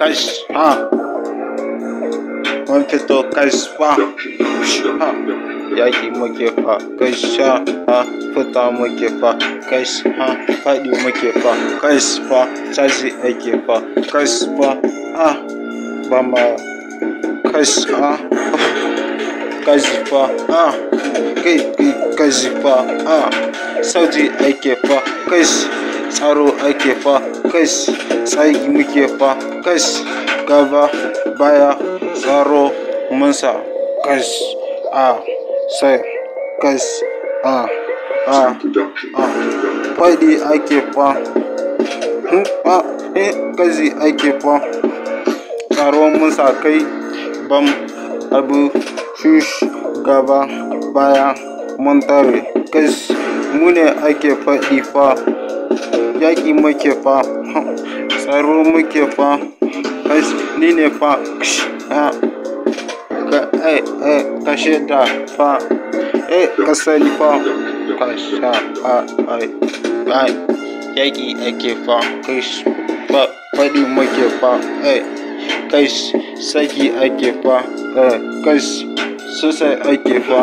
Kashpa mun fito kashpa ha yaki muke fa kasha ha fita muke fa kash ha faɗi muke fa kashpa caji ake fa kashpa ha ba ma kash ha kazifa ah kai kai kazifa ah sauji ake fa kash tsaro ake fa kas tsagi muke fa kas gaba baya tsaro munsa kas a sai kas a a a faɗi ake fa hm, a kazi ake fa tsaro munsa kai bam abu shush gaba baya mun tare mune ake faɗi fa yaƙi muke fa tsaro muke fa ni ne fa ka da fa eh sani fa ka sha a ai yaƙi ake fa kai faɗi muke fa eh kai saki ake fa eh kai sosai ake fa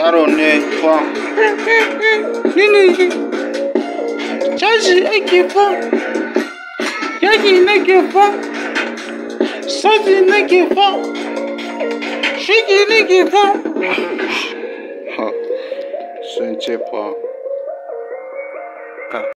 yaro ne fa nini caji ake fa yaki nake fa sati nake fa shiki nake fa sun ce fa